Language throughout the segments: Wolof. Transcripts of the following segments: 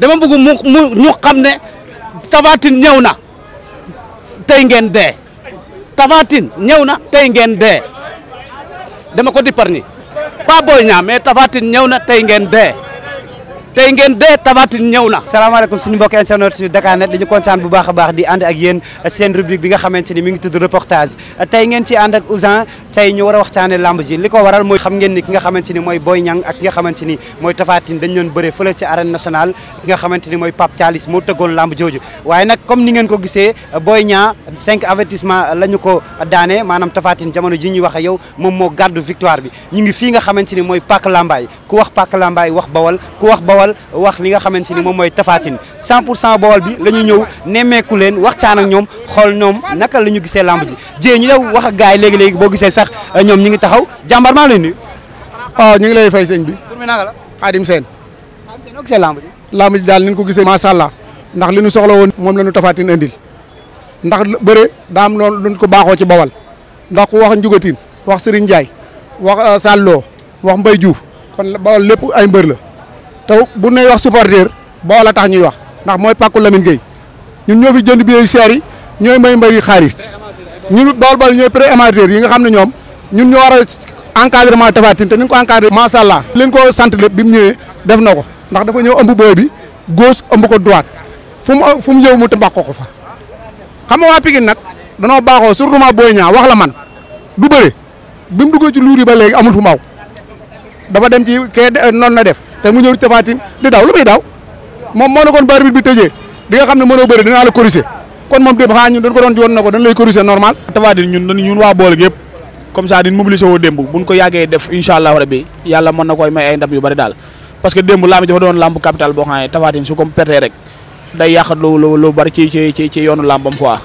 dama bëgg mu mu ñu xam ne tabatin ñëw na tey ngeen dee tabatin ñëw na tey ngeen dee dama ko di parni pas booy ñaa mais tabatin ñëw na tey ngeen dee tey ngeen dee tabatin ñëw na salaamaaleykum suñu mbokk internet su Dakar Net dañu kontaan bu baax baax di ànd ak yéen seen rubrique bi nga xamante ni mi ngi tudd reportage tey ngeen ci ànd ak Ouzin tey ñu war a waxtaane lamb ji li ko waral mooy xam ngeen ni ki nga xamante ni mooy Boy Niang ak ki nga xamante ni mooy Tapha Tine dañ doon bëre fële ci arène nationale ki nga xamante ni mooy Pape Thialis la ñu ko daane maanaam Tapha jamono ji ñuy wax yow moom moo gàddu victoire bi ngi fii nga xamante ni mooy Pàkk Lambaay ku wax wax Bawal ku wax Bawal wax li nga xamante ni moom mooy Tapha Tine pour cent Bawal bi la ñu ñëw nemmeeku leen waxtaan ak ñoom xool ñoom naka la ñu gisee lamb ji jée ñu wax ak gaay léegi-léegi boo gisee sax euh, ñoom ñi ngi taxaw jàmbaar maa ngi lay nuyu. waaw ah, ñu ngi lay fay sëñ bi. tur bi naka la. Xaadim Seen. Xaadim daal ni ñu ko gisee macha allah ndax li ñu soxla woon moom la ñu tafaatin indil ndax bëre daa am loolu luñ ko baaxoo ci bawal ndax ku wax Njugatin wax Serigne Ndiaye wax euh, Salloo wax Mbaye Diouf kon bawal lépp ay mbër la te bu nay wax supporter bawal a tax ñuy wax ndax mooy pàkku Lamine Gueye ñun ñoo jënd bi yu seer ñooy may mbër yi ñun Baol Baol ñooy pré amateurs yi nga xam na ñoom ñun ñoo war a encadrement Tapha Tine te ni ñu ko encadré macha allah leen ko sant lépp bi mu ñëwee def na ko ndax dafa ñëw ëmb booy bi gauche ëmb ko droite fu mu fu mu ñëw mu tëmbaq ko fa xam nga waa Pikine nag danoo baaxoo surtout ma booy ñaa wax la man du bëre bi mu duggee ci luur yi ba léegi amul fu maw dafa dem ji kee euh, noonu na def te mu ñëw Tapha Tine di daw lu muy daw moom moo nekkoon ba arbitre bi tëjee di nga xam ne mënoo bëre dinaa la corriger kon moom démb xanaa ñun dañ doon yoon na ko dañ lay corriger normal. Tapha Tine ñun ñun waa boole yëpp comme ça di mobiliser woo démb buñ ko yàggee def incha allah rabbi yàlla mën na koy may ay ndam yu bari daal parce que démb laa mi dafa doon lamb capital boo xam ne Tapha Tine su ko pertee rek day yàq lu lu lu bari ci ci ci yoonu lambam quoi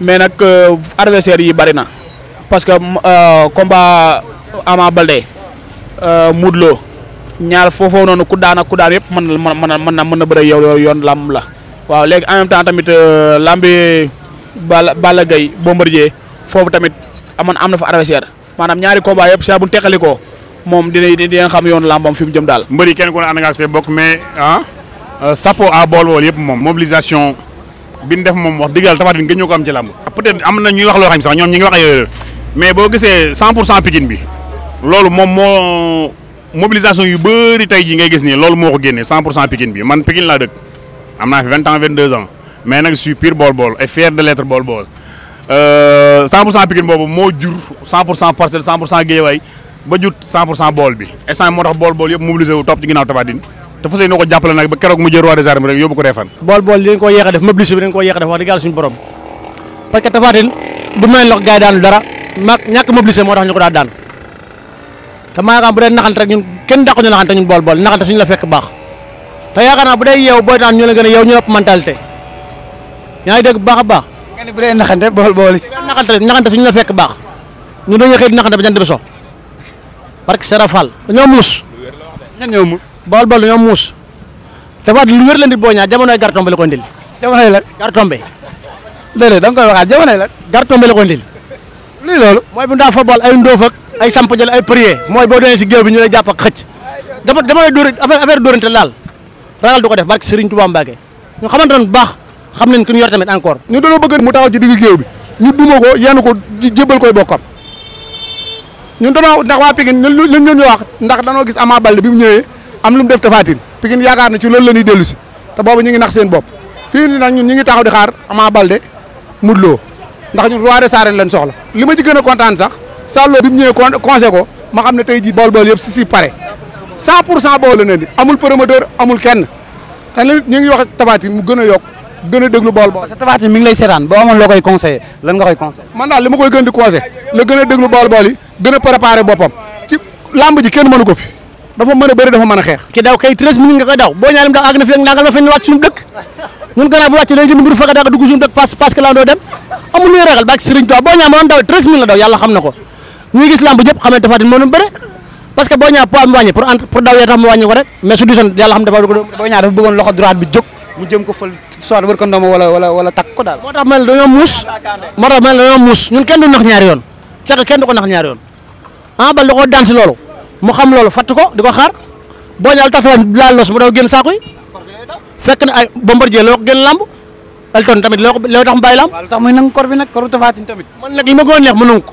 mais nag euh, adversaire yi bari na parce que euh, combat Ama Baldé euh, Modou Lo ñaar foofoo noonu ku daana ku daan yëpp mën na mën na mën na bëre yow yoon lamb la. waaw léegi en même temps tamit euh, lambi gay Balla Gaye Bombardier foofu tamit am na fa adversaire maanaam ñaari combat yëpp saa bu teqali ko moom dina dina xam yoonu lambam fi mu jëm daal. mbëri kenn ku ne ànd nga ak bokk mais ah. Sapo euh, à bool wool yëpp moom. mobilisation bi ñu def moom wax dëgg yàlla Tapha Tine ñëw ñu ko am ci làmb. Ah, am na ñuy wax loo xam sax ñoom ñu ngi wax mais boo gisee 100 pour cent Pikine bi loolu moom moo mobilisation yu bëri tey jii ngay gis nii loolu moo ko génnee 100 pour cent Pikine laa dëkk. am na fi vingt ans vingt deux ans mais nag je bool-bool et fier de l'être bool-bool 100 euh, pour cent Pikine boobu moo jur 100 pour cent parcelle 100 pour cent Guédiawaye ba jut 100 pour cent bool bi instant moo tax bool-bool yëpp mobilisé wu topp ci ginnaaw Tapha Tine te fas ko jàppale nag ba keroog mu jël roi des armes rek yóbbu ko reefan bool-bool li dañ koo a def mobilisé bi dañ koo yéex a def wax dëgg yàlla suñu borom parce que Tapha Tine may lox gars yi daanu te yaakaar naa bu day yeew booy taan ñu la gën a yeew ñu ëpp mentalité yaa ngi dégg bu baax a baax. nga ne bu dee naxante bool bool yi. naxante naxante suñu la fekk baax ñu dañuy xëy di naxante ba jant bi so parce que Serap Fall dañoo muus. ñan ñoo muus. bool bool dañoo muus. dafa lu wér leen di booñaa jamonoy gartombe la ko ndil. jamonoy la gartombe. déedéet da nga koy la. gartombe la ko ndil. lii loolu. mooy bu ñu daa football ay ndóof ak ay samp jël ay prier mooy boo doonee si géew bi ñu lay jàpp ak xëcc. dafa dama lay dóor affaire affaire dóorante laal ragal du ko def barke Serigne Touba Mbacke ñu xamante ne bu baax xam nañ ki ñu yor tamit encore. ñu dañoo bëgg mu taxaw ci digg géew bi ñu duma ko yenn ko jébal koy bokkam ñun dañoo ndax waa Pikine li ñu wax ndax dañoo gis Ama Baldé bi mu ñëwee am lu mu def tafaatin Pikine yaakaar na ci loolu la ñuy dellu si te boobu ñu ngi nax seen bopp fii nii nag ñun ñu ngi taxaw di xaar Ama Baldé Modou Lô ndax ñun roi des la lañ soxla li ma ci gën a kontaan sax Salloo bi mu ñëwee conseil ko ma xam ne tey jii bool bool yëpp si si pare 100 pour cent bool la ne di amul promoteur amul kenn te léegi ñu ngi wax ak mu gën a yokk gën a déglu bool bool. parce que Tapha ngi lay seetaan boo amoon loo koy conseillé nga koy conseillé. ma koy ko fi dafa mën a bëri dafa mën a xeex. ki daw kay treize minutes nga koy daw boo ñaaree mu daw àgg na fi nangal ma fenn wàcc suñu dëkk ñun gannaaw bu wàccee dañuy jënd mbir fekk suñu dëkk parce parce que lan doo dem amul luy ragal ba ak Serigne Touba boo ñaaree ma doon daw treize minutes la daw yàlla xam na ko ñuy gis làmb jëpp xam ne Tapha parce que boo ñaa poids mi wàññi pour daw yee tax mu wàññi ko rek mais su disoon yàlla xam dafa ko boo ñaa dafa bëggoon loxo droite bi jóg mu jëm ko fël soit wër ko ndoom wala takk ko daal moo tax yoon Siteu kenn du ko nax ñaari yoon ah bal mu xam loolu ko di boo ñaa lu tax laal los mu daw génn saako fekk na ay Bombardier loo ko génn lamb Elton tamit loo tax mu bàyyi lamb tax muy nangu mu nangu ko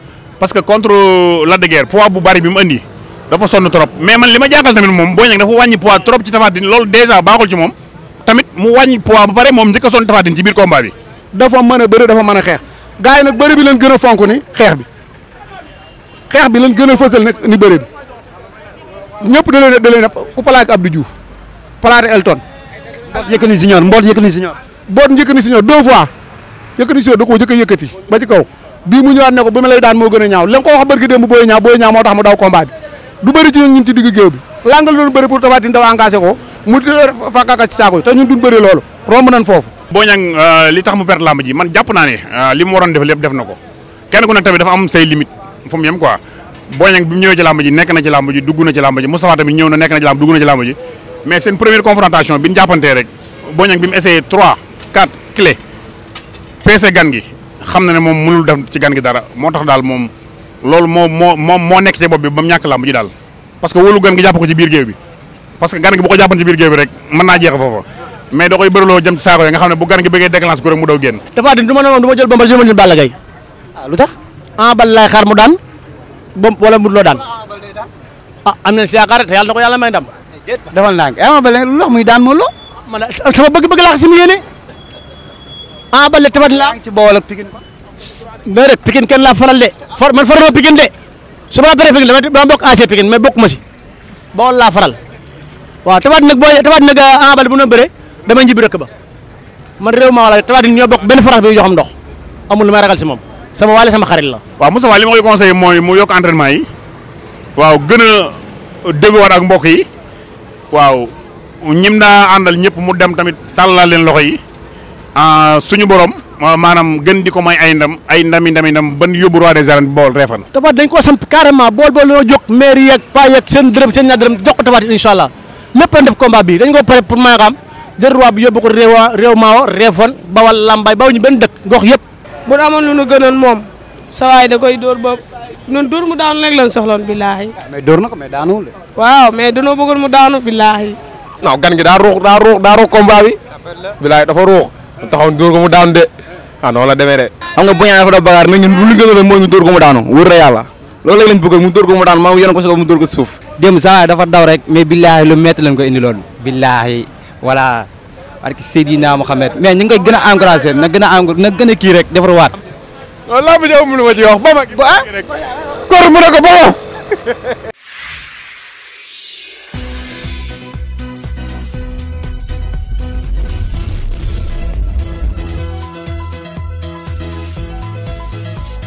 parce que contre la de Guiers poids bu bari bi mu andi dafa sonn trop mais man li ma jàngal tamit moom Boy Niang dafa wàññi poids trop ci Tapha Tine loolu dèjà baaxul ci moom tamit mu wàññi poids ba pare moom njëkk a sonn Tapha Tine ci biir combat a bëre dafa mën a xeex gars yi nag bëre bi leen gën a fonk ni xeex bi xeex bi leen gën a fësal nag ni bëre bi ñëpp da a da leen a ku plaqué Abdou Diouf plaqué Elton. mboot Yékini Senior mboot Yékini Senior. mboot Yékini Senior deux fois Yékini Senior da koo jëkk a yëkkati ba ci kaw bii mu ñëwaat ne ko bi ma lay daan moo gën a ñaaw la nga ko wax barki démb booy ñaaw booy ñaaw moo tax mu daw combat bi du bëri ci ñun ci digg géew bi langal doon bëri pour Tapha Tine dafa engagé ko mu fakkaka ci saako te ñun duñ bëri loolu romb nañ foofu Boy Niang euh, li tax mu perte lamb ji man jàpp naa ne euh, li mu waroon def lépp def na ko kenn ko ne tamit dafa am say limite fu mu yem quoi Boy Niang bi mu ñëwee ci lamb nekk na ci lamb ji dugg na ci lamb ji Moustapha tamit ñëw na nekk na ci lamb dugg na ci lamb ji mais seen première confrontation gi xam na ne moom mënul def ci gan gi dara moo tax daal moom loolu moo moo moom moo nekk ci bopp bi ba mu ñàkk làmb ji daal parce que wóolu gan jàpp ko ci biir géew bi parce que gan bu ko jàppan ci biir géew bi rek mën naa jeex foofa mais da koy bëriloo jëm ci saako yi nga xam du ma ne moom du ma jël Bombardier Balla Gaye ah, lu tax ah bal xaar mu daan bom wala mu daan ah, ah eh, lu tax muy daan moo loo sama bëgg-bëgg laa si mu ah Balla tamit laa ci bool ak Pikine kon. kenn laa faral de for man faral ma Pikine de su ma la paree Pikine dama dama bokk AC Pikine mais bokk ma si bool laa faral waaw tabaat nag boo tabaat nag ah, ah Balla bu ñu bëree dama njibbi rëkk ba man réew ma wala tabaat ñoo bokk benn farax bi yoo xam ndox amul lu may ragal si moom sama waale sama xarit la. waaw Moussa li ma koy conseillé mooy mu yokk entraînement yi waaw gën a déggoowaat ak mbokk yi waaw ñim daa àndal ñëpp mu dem tamit tàllal leen loxo yi. Ah, suñu borom maanaam gën di ko may ay ndam ay ndami ndami ndam ban yóbbu roi des arènes bool reefan tabaat dañ koo samp carrément bool bool loo jóg maire yeeg paa yeeg seen dërëm seen ñaar dërëm jox ko tabaat incha allah lépp lañ def dañ ko pare pour maa xam jël roi bi ko réewa réew maawo reefan bawal lambaay baw ñu benn dëkk gox yëpp bu amoon lu nu gënoon moom sawaay da koy door ba noonu door mu daanu rek lañ soxloon billaahi mais dóor na ko mais daanuwul waaw mais danoo bëggoon mu daanu billaahi daa daa daa ruux combat bi bu taxawoon dóor ko mu daanu de ah noonu la demee de. xam nga Boña dafa doon bagaar mais ñun lu ñu gën a mooy ñu dóor mu daanu na yàlla loolu léegi lañ bëgg mu dóor ko mu daanu maa ko mu dóor ko si saa dafa daw rek mais billaahi lu métti ko indi loolu. billaahi voilà parce que Seydina Mohamed mais ñu ngi koy gën a na gën a encour na gën a kii rek defarwaat. loolu laa a